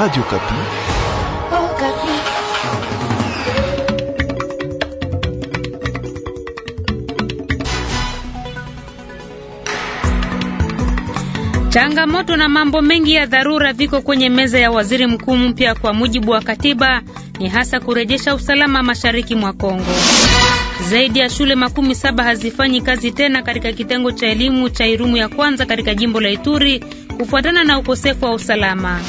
Radio Okapi. Oh, Changamoto na mambo mengi ya dharura viko kwenye meza ya waziri mkuu mpya. Kwa mujibu wa katiba, ni hasa kurejesha usalama mashariki mwa Kongo. Zaidi ya shule makumi saba hazifanyi kazi tena katika kitengo cha elimu cha Irumu ya kwanza katika jimbo la Ituri kufuatana na ukosefu wa usalama.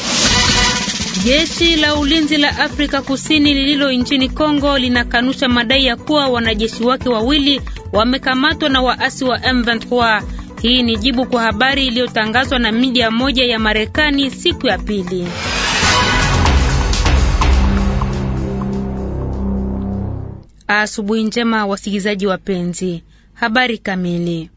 Jeshi la ulinzi la Afrika Kusini lililo nchini Kongo linakanusha madai ya kuwa wanajeshi wake wawili wamekamatwa na waasi wa M23. Hii ni jibu kwa habari iliyotangazwa na media moja ya Marekani siku ya pili. Asubuhi njema wasikilizaji wapenzi. Habari kamili.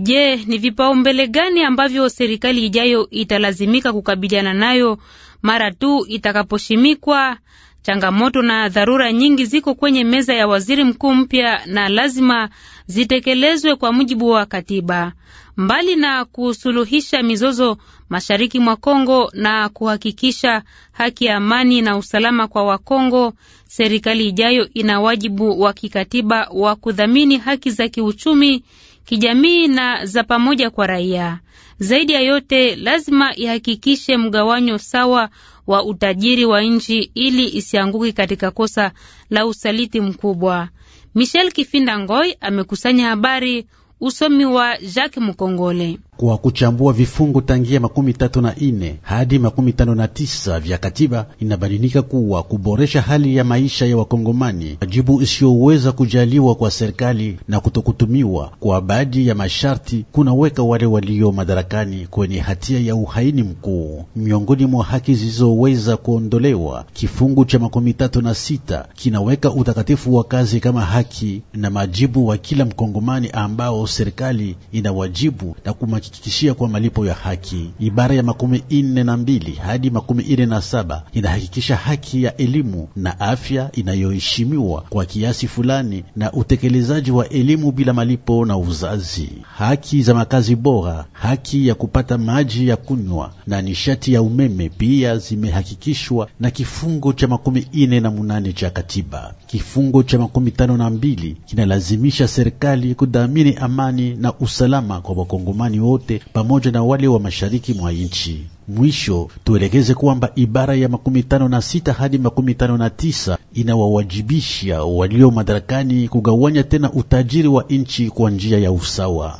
Je, ni vipaumbele gani ambavyo serikali ijayo italazimika kukabiliana nayo mara tu itakaposhimikwa. Changamoto na dharura nyingi ziko kwenye meza ya waziri mkuu mpya na lazima zitekelezwe kwa mujibu wa katiba. Mbali na kusuluhisha mizozo mashariki mwa Kongo na kuhakikisha haki ya amani na usalama kwa Wakongo, serikali ijayo ina wajibu wa kikatiba wa kudhamini haki za kiuchumi, kijamii na za pamoja kwa raia. Zaidi ya yote, lazima ihakikishe mgawanyo sawa wa utajiri wa nchi ili isianguki katika kosa la usaliti mkubwa. Michel Kifinda Ngoi amekusanya habari, usomi wa Jacques Mukongole kwa kuchambua vifungu tangia makumi tatu na ine hadi makumi tano na tisa vya katiba inabadilika kuwa kuboresha hali ya maisha ya wakongomani wajibu isiyoweza kujaliwa kwa serikali na kutokutumiwa kwa baadhi ya masharti kunaweka wale walio madarakani kwenye hatia ya uhaini mkuu. Miongoni mwa haki zilizoweza kuondolewa, kifungu cha makumi tatu na sita kinaweka utakatifu wa kazi kama haki na majibu wa kila mkongomani ambao serikali wajibu na kuma inatutishia kwa malipo ya haki. Ibara ya makumi ine na mbili hadi makumi ine na saba inahakikisha haki ya elimu na afya inayoheshimiwa kwa kiasi fulani na utekelezaji wa elimu bila malipo na uzazi, haki za makazi bora, haki ya kupata maji ya kunywa na nishati ya umeme pia zimehakikishwa na kifungo cha makumi ine na munane cha katiba. Kifungo cha makumi tano na mbili kinalazimisha serikali kudhamini amani na usalama kwa wakongomani wote wote pamoja na wale wa mashariki mwa nchi. Mwisho tuelekeze kwamba ibara ya makumi tano na sita hadi makumi tano na tisa inawawajibisha walio madarakani kugawanya tena utajiri wa nchi kwa njia ya usawa.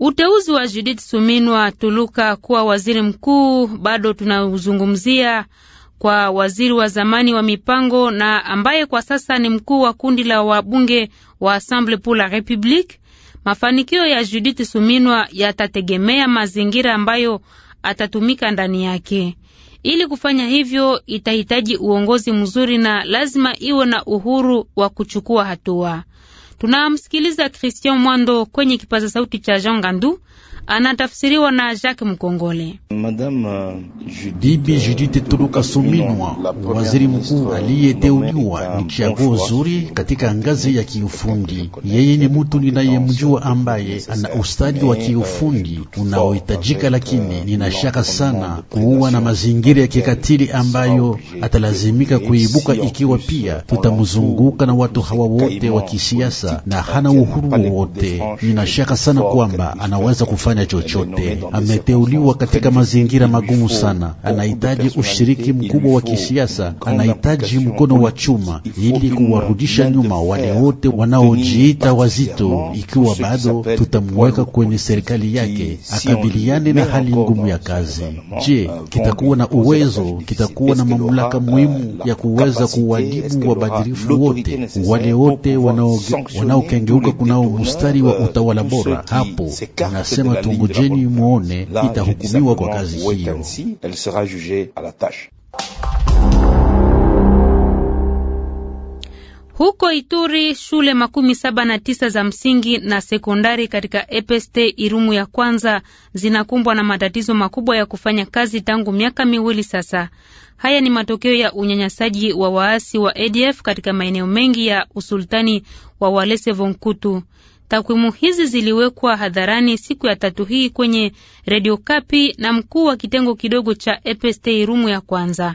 Uteuzi wa Judith Suminwa Tuluka kuwa waziri mkuu bado tunauzungumzia kwa waziri wa zamani wa mipango na ambaye kwa sasa ni mkuu wa kundi la wabunge wa Assemble pour la Republique Mafanikio ya Judith Suminwa yatategemea mazingira ambayo atatumika ndani yake. Ili kufanya hivyo, itahitaji uongozi mzuri na lazima iwe na uhuru wa kuchukua hatua. Tunamsikiliza Christian Mwando kwenye kipaza sauti cha Jean Gandu anatafsiriwa na Jacques Mkongole. Euh, Bibi euh, Judith Tuluka Suminwa, waziri mkuu euh, aliyeteuliwa, ni chaguo zuri katika ngazi ya kiufundi. Yeye ni mutu ninayemjua ambaye ana ustadi wa kiufundi unaohitajika, lakini nina shaka sana kuwa na mazingira ya kikatili ambayo atalazimika kuibuka, ikiwa pia tutamzunguka na watu hawa wote wa kisiasa na hana uhuru wowote. Nina shaka sana kwamba anaweza kufanya kufanya chochote. Ameteuliwa katika mazingira magumu sana, anahitaji ushiriki mkubwa wa kisiasa, anahitaji mkono wa chuma ili kuwarudisha nyuma wale wote wanaojiita wazito. Ikiwa bado tutamweka kwenye serikali yake, akabiliane na hali ngumu ya kazi. Je, kitakuwa na uwezo, kitakuwa na mamlaka muhimu ya kuweza kuwadibu wabadhirifu wote, wale eh, wote wanaokengeuka kunao mustari wa utawala bora? Hapo anasema Tungujeni muone itahukumiwa kwa kazi hiyo. Huko Ituri shule makumi saba na tisa za msingi na sekondari katika EPST Irumu ya kwanza zinakumbwa na matatizo makubwa ya kufanya kazi tangu miaka miwili sasa. Haya ni matokeo ya unyanyasaji wa waasi wa ADF katika maeneo mengi ya usultani wa Walese Vonkutu. Takwimu hizi ziliwekwa hadharani siku ya tatu hii kwenye redio Kapi na mkuu wa kitengo kidogo cha EPST rumu ya kwanza.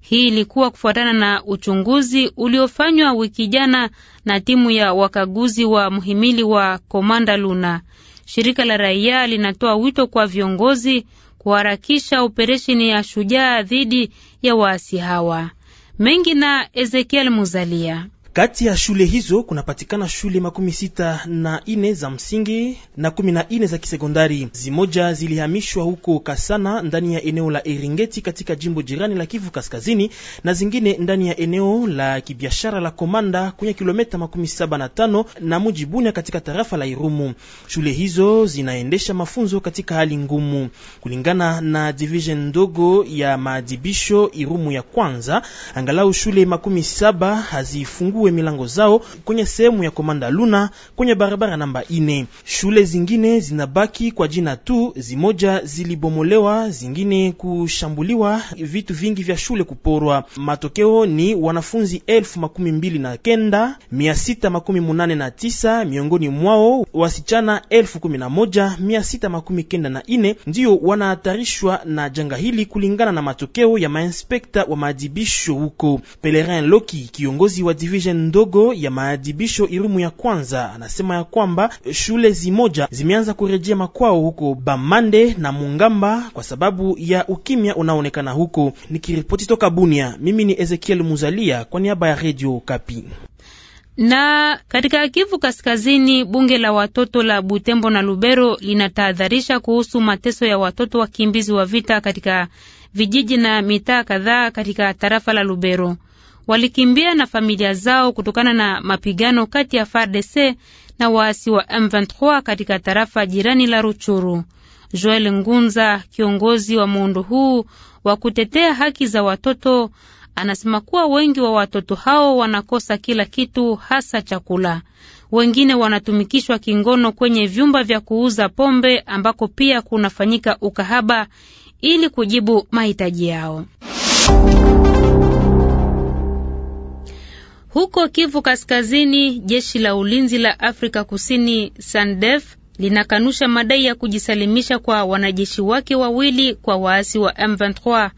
Hii ilikuwa kufuatana na uchunguzi uliofanywa wiki jana na timu ya wakaguzi wa mhimili wa Komanda Luna. Shirika la raia linatoa wito kwa viongozi kuharakisha operesheni ya shujaa dhidi ya waasi hawa. Mengi na Ezekiel Muzalia. Kati ya shule hizo kunapatikana shule makumi sita na ine za msingi na kumi na ine za kisekondari. Zimoja zilihamishwa huko Kasana ndani ya eneo la Eringeti katika jimbo jirani la Kivu Kaskazini, na zingine ndani ya eneo la kibiashara la Komanda kwenye kilometa makumi saba na tano na muji Bunia katika tarafa la Irumu. Shule hizo zinaendesha mafunzo katika hali ngumu, kulingana na division ndogo ya maadibisho Irumu ya kwanza. Angalau shule makumi saba hazifungu wafungue milango zao kwenye sehemu ya Komanda Luna kwenye barabara namba ine. Shule zingine zinabaki kwa jina tu, zimoja zilibomolewa, zingine kushambuliwa, vitu vingi vya shule kuporwa. Matokeo ni wanafunzi elfu makumi mbili na kenda mia sita makumi munane na tisa miongoni mwao wasichana elfu kumi na moja mia sita makumi kenda na ine ndiyo wanahatarishwa na janga hili kulingana na matokeo ya mainspekta wa maadhibisho huko. Pelerin Loki, kiongozi wa division shule ndogo ya maadibisho Irumu ya kwanza, anasema ya kwamba eh, shule zimoja zimeanza kurejea makwao huko Bamande na Mungamba kwa sababu ya ukimya unaoonekana huko. Nikiripoti toka Bunia, mimi ni Ezekiel Muzalia kwa niaba ya Radio Kapi na katika Kivu Kaskazini, bunge la watoto la Butembo na Lubero linatahadharisha kuhusu mateso ya watoto wakimbizi wa vita katika vijiji na mitaa kadhaa katika tarafa la Lubero walikimbia na familia zao kutokana na mapigano kati ya FARDC na waasi wa M23 katika tarafa jirani la Ruchuru. Joel Ngunza, kiongozi wa muundo huu wa kutetea haki za watoto, anasema kuwa wengi wa watoto hao wanakosa kila kitu, hasa chakula. Wengine wanatumikishwa kingono kwenye vyumba vya kuuza pombe ambako pia kunafanyika ukahaba ili kujibu mahitaji yao. Huko Kivu Kaskazini, jeshi la ulinzi la Afrika Kusini sandef linakanusha madai ya kujisalimisha kwa wanajeshi wake wawili kwa waasi wa M23,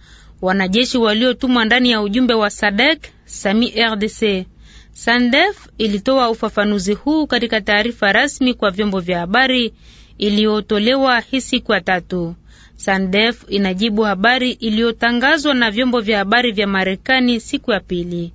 wanajeshi waliotumwa ndani ya ujumbe wa SADEK Sami RDC. sandef ilitoa ufafanuzi huu katika taarifa rasmi kwa vyombo vya habari iliyotolewa hii siku ya tatu. sandef inajibu habari iliyotangazwa na vyombo vya habari vya Marekani siku ya pili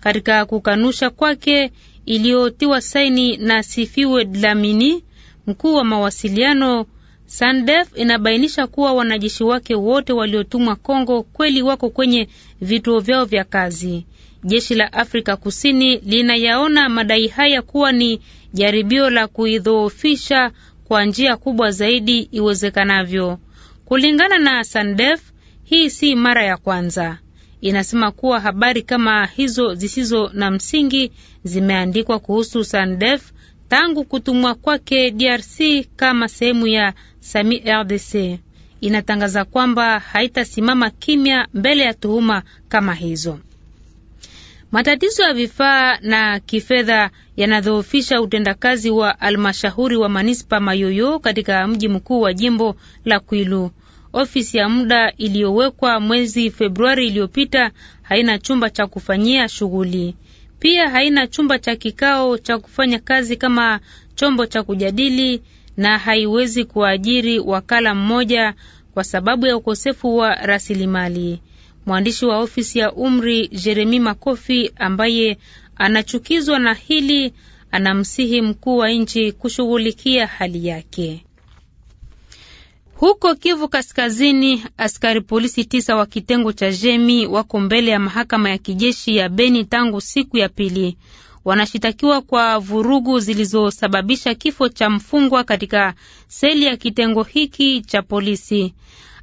katika kukanusha kwake iliyotiwa saini na Sifiwe Dlamini, mkuu wa mawasiliano. SANDEF inabainisha kuwa wanajeshi wake wote waliotumwa Kongo kweli wako kwenye vituo vyao vya kazi. Jeshi la Afrika Kusini linayaona madai haya kuwa ni jaribio la kuidhoofisha kwa njia kubwa zaidi iwezekanavyo. Kulingana na SANDEF, hii si mara ya kwanza inasema kuwa habari kama hizo zisizo na msingi zimeandikwa kuhusu SANDEF tangu kutumwa kwake DRC kama sehemu ya SAMI RDC. Inatangaza kwamba haitasimama kimya mbele ya tuhuma kama hizo. Matatizo ya vifaa na kifedha yanadhoofisha utendakazi wa almashahuri wa manispa Mayoyo katika mji mkuu wa jimbo la Kwilu ofisi ya muda iliyowekwa mwezi Februari iliyopita haina chumba cha kufanyia shughuli, pia haina chumba cha kikao cha kufanya kazi kama chombo cha kujadili, na haiwezi kuajiri wakala mmoja kwa sababu ya ukosefu wa rasilimali. Mwandishi wa ofisi ya umri Jeremi Makofi, ambaye anachukizwa na hili, anamsihi mkuu wa nchi kushughulikia hali yake. Huko Kivu Kaskazini, askari polisi tisa wa kitengo cha Jemi wako mbele ya mahakama ya kijeshi ya Beni tangu siku ya pili. Wanashitakiwa kwa vurugu zilizosababisha kifo cha mfungwa katika seli ya kitengo hiki cha polisi.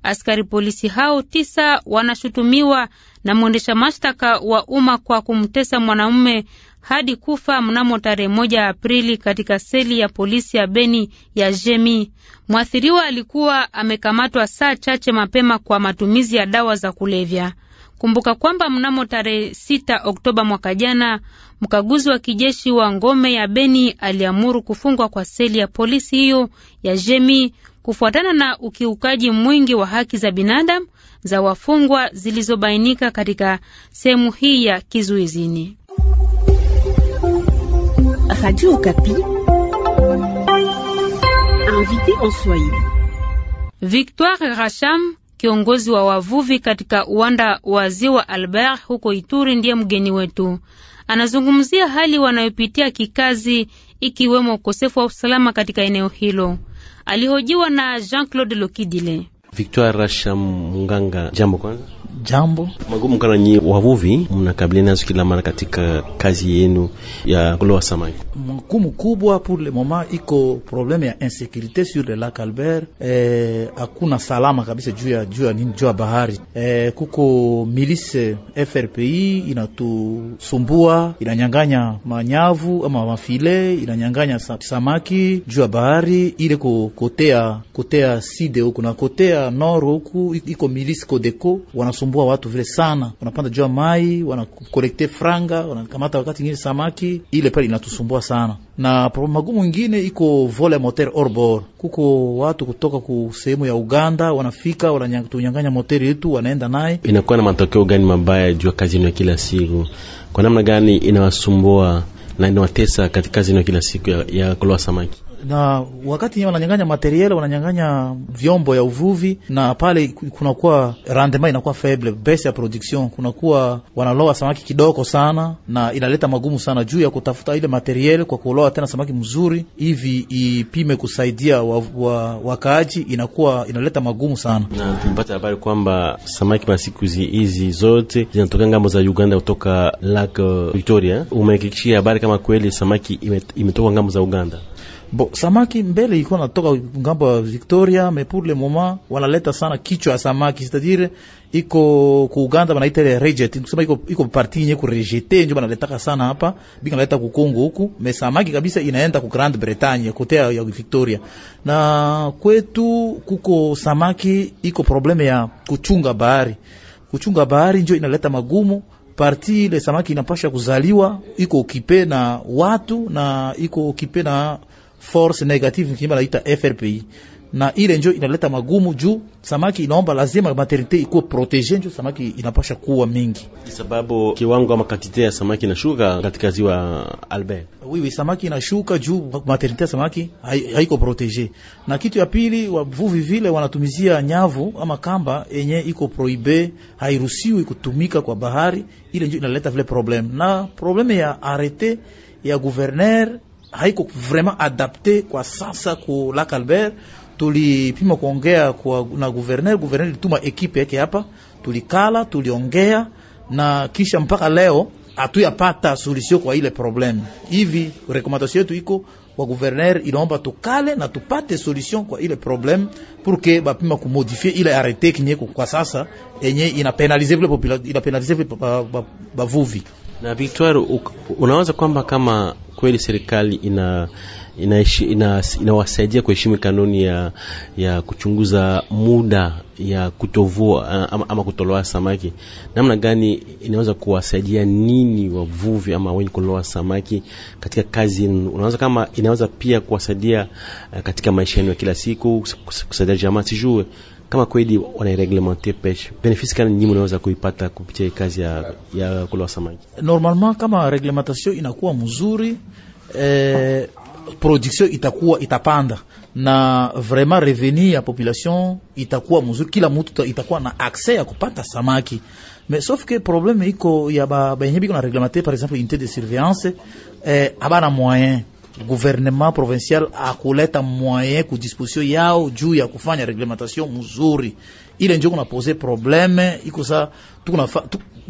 Askari polisi hao tisa wanashutumiwa na mwendesha mashtaka wa umma kwa kumtesa mwanaume hadi kufa mnamo tarehe moja Aprili katika seli ya polisi ya Beni ya Jemi. Mwathiriwa alikuwa amekamatwa saa chache mapema kwa matumizi ya dawa za kulevya. Kumbuka kwamba mnamo tarehe 6 Oktoba mwaka jana, mkaguzi wa kijeshi wa ngome ya Beni aliamuru kufungwa kwa seli ya polisi hiyo ya Jemi kufuatana na ukiukaji mwingi wa haki za binadamu za wafungwa zilizobainika katika sehemu hii ya kizuizini. Radio Okapi. Invité en Swahili. Victoire Rasham, kiongozi wa wavuvi katika uwanda wa Ziwa Albert huko Ituri ndiye mgeni wetu. Anazungumzia hali wanayopitia kikazi ikiwemo ukosefu wa usalama katika eneo hilo. Alihojiwa na Jean-Claude Lokidile. Victoire Racham Munganga, jambo kwanza. Jambo magumu kana nyi wavuvi mnakabiliana nazo kila mara katika kazi yenu ya kuloa samaki. Magumu kubwa pour le moment iko probleme ya insécurité sur le lac Albert. Eh, hakuna salama kabisa juu ya juu ya nini juu ya bahari eh, kuko milice FRPI inatusumbua, inanyang'anya manyavu ama mafile, inanyang'anya samaki juu ya bahari ile ko kotea kotea side huku na kotea nord huku iko milice Codeco wanasumbua wanasumbua watu vile sana, wanapanda jua mai, wanakolekte franga, wanakamata wakati ingine samaki. Ile pale inatusumbua sana, na problem magumu ingine iko vole moteur orbor. Kuko watu kutoka ku sehemu ya Uganda wanafika, wanatunyanganya moteri yetu, wanaenda naye. Inakuwa na matokeo gani mabaya juu ya kazi ya kila siku? Kwa namna gani inawasumbua na inawatesa katika kazi ya kila siku ya, ya kuloa samaki? na wakati wananyang'anya materiel, wananyang'anya vyombo ya uvuvi, na pale kunakuwa rendement inakuwa faible, base ya production, kunakuwa wanaloa samaki kidogo sana, na inaleta magumu sana juu ya kutafuta ile materiel kwa kuloa tena samaki mzuri hivi ipime kusaidia wa, wa, wakaaji, inakuwa inaleta magumu sana. Na tumepata habari kwamba samaki masiku hizi zote zinatoka ngambo za Uganda kutoka Lake Victoria. Umehakikishia habari kama kweli samaki imetoka ngambo za Uganda? Bo, samaki mbele ilikuwa natoka ngambo ya Victoria, mais pour le moment wanaleta sana kichwa ya samaki, c'est-à-dire iko ku Uganda wanaita ile reject, nikusema iko iko partie yenye ku rejeter, ndio banaletaka sana hapa, bika naleta ku Congo huku, mais samaki kabisa inaenda ku Grand Bretagne kote ya Victoria. Na kwetu kuko samaki iko probleme ya kuchunga bahari, kuchunga bahari ndio inaleta magumu parti ile samaki inapasha kuzaliwa iko okipe na watu na iko okipe na force negative kimba naita FRPI, na ile njo inaleta magumu juu samaki inaomba lazima maternite ikuwe protege, njo samaki inapasha kuwa mingi, sababu kiwango ama kantite ya samaki inashuka katika ziwa Albert. Oui, oui, samaki inashuka juu maternite ya samaki haiko hai protege. Na kitu ya pili, wavuvi vile wanatumizia nyavu ama kamba yenye iko prohibe, hairuhusiwi kutumika kwa bahari. Ile njo inaleta vile problem na problem ya arete ya gouverneur haiko vraiment adapté kwa sasa ku Lac Albert. Tulipima kuongea kwa na guverner, guverner lituma ekipe yake hapa, tulikala tuliongea na kisha mpaka leo hatuyapata solution kwa ile problem. Hivi rekomandasio yetu iko wa guverner inaomba tukale na tupate solution kwa ile problem pour que bapima kumodifie ile arrete kwa sasa enye inapenalize vile population inapenalize vile bavuvi ba, ba, ba, na Victoire, unawaza kwamba kama kweli serikali ina inawasaidia ina, ina kuheshimu kanuni ya, ya kuchunguza muda ya kutovua ama, ama kutoloa samaki, namna gani inaweza kuwasaidia nini wavuvi ama wenye kuloa samaki katika kazi? Unaweza kama inaweza pia kuwasaidia katika maisha yenu ya kila siku, kusaidia jamaa sijue kama kweli wanaireglementer peshe, benefisi kana nyingi unaweza kuipata kupitia kazi ya, ya kula samaki. Normalement kama reglementation inakuwa mzuri eh, production itakuwa itapanda na vraiment reveni ya population itakuwa mzuri, kila mutu itakuwa na accès ya kupata samaki. Mais sauf que problème iko ya ba benyebi kuna reglementer par exemple unité de surveillance eh, abana moyen gouvernement provincial akuleta moyen ku disposition yao juu ya kufanya reglementation mzuri. Ile ndio kuna pose probleme iko sa tuko nafa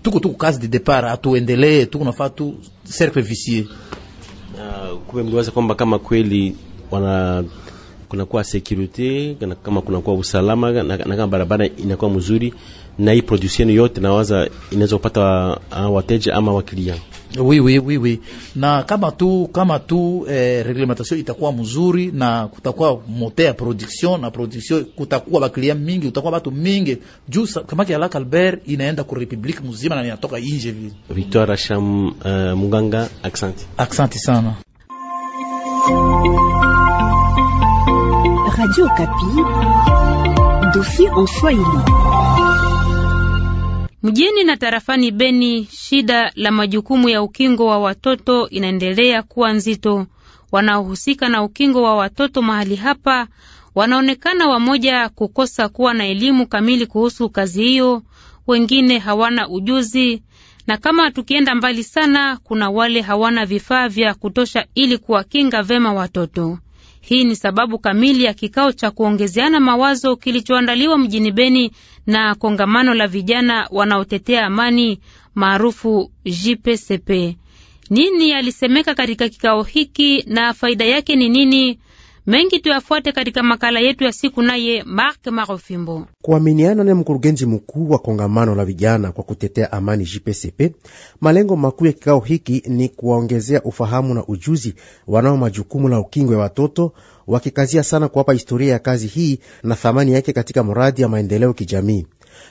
tuko tuko kazi de départ atuendelee, tuko nafa tu cercle vicieux. Uh, kumbe mliwaza kwamba kama kweli wana kunakuwa securite kana kama kunakuwa usalama na, na kama barabara inakuwa mzuri na hii production yote nawaza inaweza kupata wateja ama wakilia Oui, oui, oui, oui. Na kama tu kama tu eh, reglementation itakuwa mzuri na kutakuwa mote ya production na production kutakuwa baklia mingi, utakuwa batu mingi. Juu kama kia la Albert inaenda ku republic mzima na inatoka nje vile. Victor Asham uh, eh, Munganga accent. Accent sana. Radio Kapi. Dossier en Swahili. Mjini na tarafani Beni, shida la majukumu ya ukingo wa watoto inaendelea kuwa nzito. Wanaohusika na ukingo wa watoto mahali hapa wanaonekana wamoja kukosa kuwa na elimu kamili kuhusu kazi hiyo, wengine hawana ujuzi, na kama tukienda mbali sana, kuna wale hawana vifaa vya kutosha ili kuwakinga vema watoto. Hii ni sababu kamili ya kikao cha kuongezeana mawazo kilichoandaliwa mjini Beni na kongamano la vijana wanaotetea amani maarufu JPCP. Nini yalisemeka katika kikao hiki na faida yake ni nini? Mengi tuyafuate katika makala yetu ya siku, naye Mark Marofimbo. Kuaminiana na mkurugenzi mkuu wa kongamano la vijana kwa kutetea amani JPCP, malengo makuu ya kikao hiki ni kuwaongezea ufahamu na ujuzi wanao majukumu la ukingwe wa watoto wakikazia sana kuwapa historia ya kazi hii na thamani yake katika mradi ya maendeleo kijamii.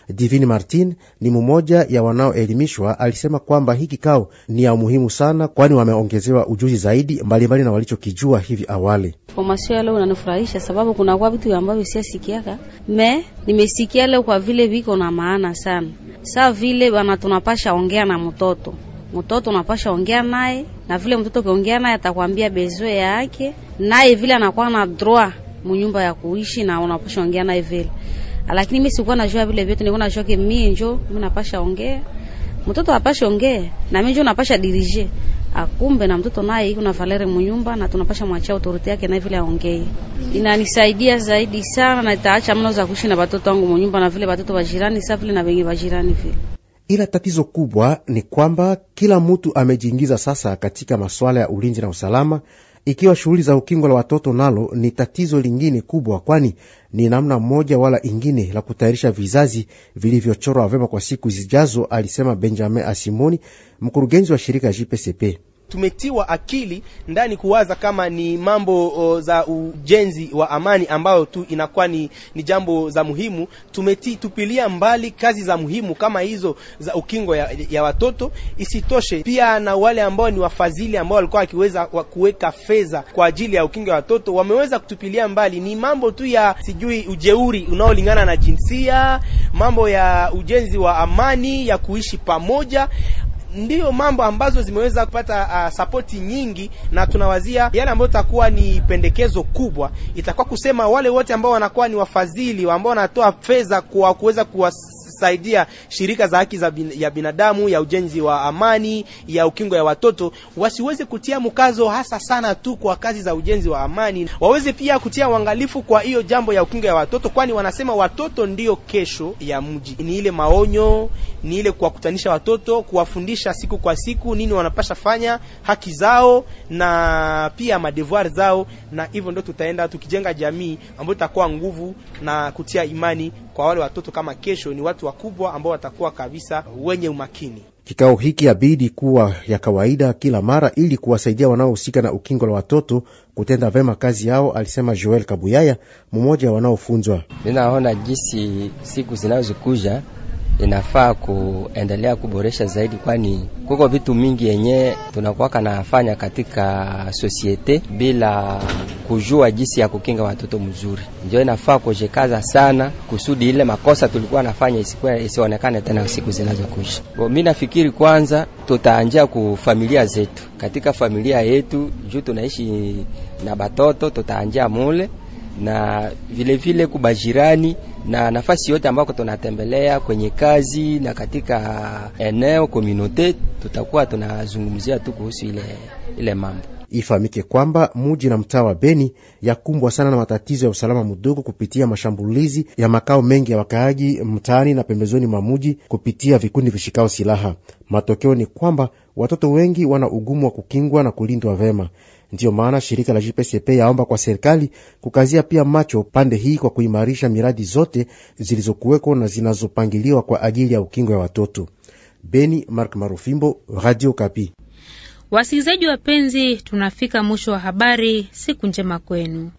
Divini Martin ni mmoja ya wanaoelimishwa, alisema kwamba hii kikao ni ya umuhimu sana, kwani wameongezewa ujuzi zaidi mbalimbali mbali na walichokijua hivi awali. Formasio ya leo unanifurahisha sababu kunakuwa vitu ambavyo siasikiaka me nimesikia leo, kwa vile viko na maana sana, saa vile bana tunapasha ongea na mtoto mtoto unapasha ongea naye, na vile mtoto ukiongea naye atakwambia bezwe yake, naye vile anakuwa na droit munyumba ya kuishi, na unapasha ongea naye vile lakini mimi sikuwa najua vile vitu, nilikuwa najua ke mimi njo mimi napasha ongea, mtoto apasha ongea na mimi njo napasha dirije. Akumbe na mtoto naye iko na Valere munyumba na tunapasha mwachia autorite yake na vile aongee. Inanisaidia zaidi sana na itaacha mno za kuishi na watoto wangu munyumba na vile watoto wa jirani sasa vile na wengi wa jirani vile. Ila tatizo kubwa ni kwamba kila mtu amejiingiza sasa katika masuala ya ulinzi na usalama ikiwa shughuli za ukingo la watoto nalo ni tatizo lingine kubwa, kwani ni namna moja wala ingine la kutayarisha vizazi vilivyochorwa vema kwa siku zijazo, alisema Benjamin Asimoni, mkurugenzi wa shirika JPCP tumetiwa akili ndani kuwaza kama ni mambo o, za ujenzi wa amani ambayo tu inakuwa ni, ni jambo za muhimu. Tumeti tupilia mbali kazi za muhimu kama hizo za ukingo ya, ya watoto. Isitoshe pia na wale ambao ni wafadhili ambao walikuwa wakiweza kuweka fedha kwa ajili ya ukingo ya watoto wameweza kutupilia mbali. Ni mambo tu ya sijui ujeuri unaolingana na jinsia, mambo ya ujenzi wa amani ya kuishi pamoja ndiyo mambo ambazo zimeweza kupata uh, ah, sapoti nyingi, na tunawazia yale ambayo itakuwa ni pendekezo kubwa, itakuwa kusema wale wote ambao wanakuwa ni wafadhili ambao wanatoa fedha kwa kuweza kuwas kusaidia shirika za haki za bin, ya binadamu ya ujenzi wa amani ya ukingo ya watoto wasiweze kutia mkazo hasa sana tu kwa kazi za ujenzi wa amani, waweze pia kutia uangalifu kwa hiyo jambo ya ukingo ya watoto, kwani wanasema watoto ndiyo kesho ya mji. Ni ile maonyo, ni ile kuwakutanisha watoto, kuwafundisha siku kwa siku nini wanapasha fanya, haki zao na pia madevoir zao, na hivyo ndio tutaenda tukijenga jamii ambayo itakuwa nguvu na kutia imani kwa wale watoto kama kesho ni watu wakubwa ambao watakuwa kabisa wenye umakini. Kikao hiki abidi kuwa ya kawaida kila mara ili kuwasaidia wanaohusika na ukingo la watoto kutenda vema kazi yao, alisema Joel Kabuyaya, mmoja wanaofunzwa. Ninaona jinsi siku zinazokuja inafaa kuendelea kuboresha zaidi, kwani kuko vitu mingi yenye tunakuwaka nafanya katika sosiete bila kujua jinsi ya kukinga watoto mzuri. Ndio inafaa kujikaza sana kusudi ile makosa tulikuwa nafanya isikuwa isionekane tena siku zinazokuisha. Mimi nafikiri kwanza tutaanjia ku familia zetu, katika familia yetu juu tunaishi na batoto, tutaanjia mule na vilevile vile kubajirani na nafasi yote ambako tunatembelea kwenye kazi na katika eneo komunote, tutakuwa tunazungumzia tu kuhusu ile, ile mambo. Ifahamike kwamba muji na mtaa wa Beni yakumbwa sana na matatizo ya usalama mdogo kupitia mashambulizi ya makao mengi ya wakaaji mtaani na pembezoni mwa muji kupitia vikundi vishikao silaha. Matokeo ni kwamba watoto wengi wana ugumu wa kukingwa na kulindwa vema. Ndiyo maana shirika la JPCP yaomba kwa serikali kukazia pia macho pande hii kwa kuimarisha miradi zote zilizokuweko na zinazopangiliwa kwa ajili ya ukingo ya watoto. Beni, Mark Marufimbo, Radio Kapi. Wasikilizaji wapenzi, tunafika mwisho wa habari. Siku njema kwenu.